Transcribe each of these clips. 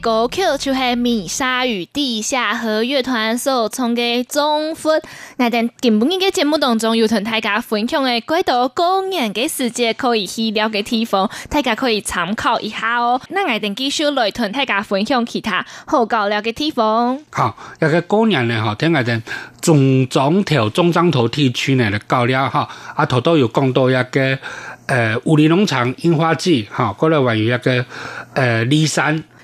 歌曲就是《米莎與地下和樂團》所唱的《忠魂》。那但今不日嘅節目當中，有同大家分享嘅關於過年的時節可以去了解地方，大家可以參考一下哦、喔。那我哋繼續來同大家分享其他好搞了的地方。好、哦，一個過年咧，哈，聽的我哋中江頭、中江頭地區咧，的搞料哈。阿頭都有講到一個，呃，武陵農場櫻花季，哈、哦，嗰個還有一個，呃，離山。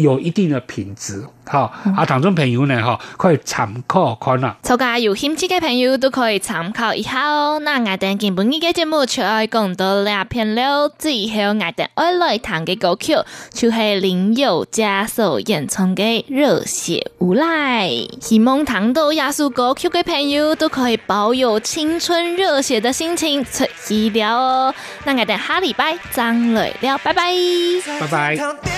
有一定的品質，哈、哦，嗯、啊聽眾朋友呢，哈、哦，可以參考看啦。大家有興趣的朋友都可以參考一下哦。那我哋今半日嘅節目就要講到兩篇邊了，最後我哋愛來彈嘅歌曲就係林宥嘉所演唱的《熱血無賴》。希望糖豆亞素歌 Q 的朋友都可以保有青春熱血的心情，出奇聊哦。那我哋下禮拜再來了，拜拜，拜拜。